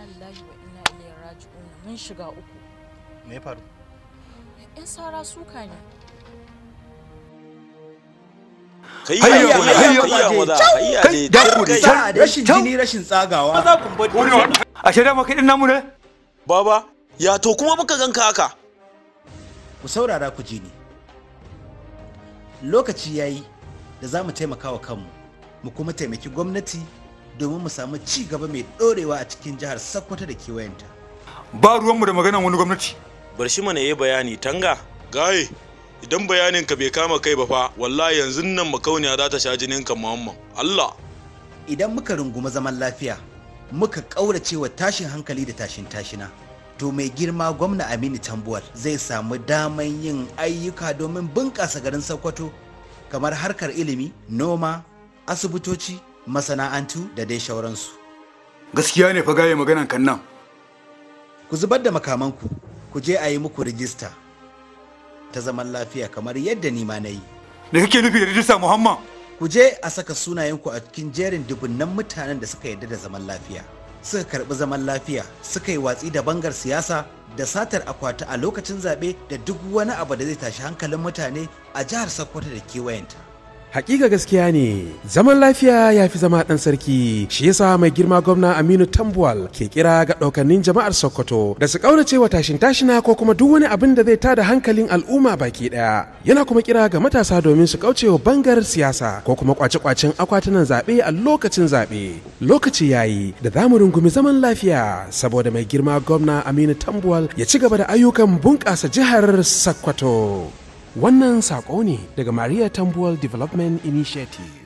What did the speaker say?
inna lillahi wa inna ilaihi raji'un mun shiga uku me ya faru yan sara suka ne baba ya to kuma ganka haka ku saurara ku ji ni lokaci yayi da za mu taimaka wa kanmu mu kuma taimaki gwamnati domin mu samu ci gaba mai ɗorewa a cikin jihar Sokoto da kewayenta. Ba ruwanmu da maganan wani gwamnati. Bar shi mana yi bayani tanga. Gaye, idan bayanin ka bai kama kai ba fa, wallahi yanzu nan makauniya za ta sha jinin ka Muhammad. Allah. Idan muka rungumi zaman lafiya, muka ƙaurace wa tashin hankali da tashin tashina. To mai girma gwamna Aminu Tambuwal zai samu daman yin ayyuka domin bunƙasa garin Sokoto kamar harkar ilimi, noma, asibitoci, masana'antu da dai shauransu gaskiya ne fa gaye maganan kan nan ku zubar da makamanku ku je a yi muku rijista ta zaman lafiya kamar yadda ni ma na yi da kake nufi da rijista muhammad ku je a saka sunayenku a cikin jerin dubunnan mutanen da suka yarda da zaman lafiya suka karɓi zaman lafiya suka yi watsi da bangar siyasa da satar akwati a lokacin zaɓe da duk wani abu da zai tashi hankalin mutane a jihar sokoto da kewayenta Hakika gaskiya ne, zaman lafiya ya fi zama ɗan sarki, shi yasa mai girma gwamna Aminu Tambuwal ke kira ga ɗaukannin jama'ar Sokoto da su ƙaurace wa tashin tashina ko kuma duk wani abin da zai tada hankalin al'umma baki ɗaya. Yana kuma kira ga matasa domin su kauce wa bangar siyasa ko kuma kwace-kwacen akwatunan zaɓe a lokacin zaɓe. Lokaci ya yi da za mu rungumi zaman lafiya saboda mai girma gwamna Aminu Tambuwal ya ci gaba da ayyukan bunƙasa jihar Sokoto. Wannan saƙo ne daga Maria Tambuwal Development Initiative.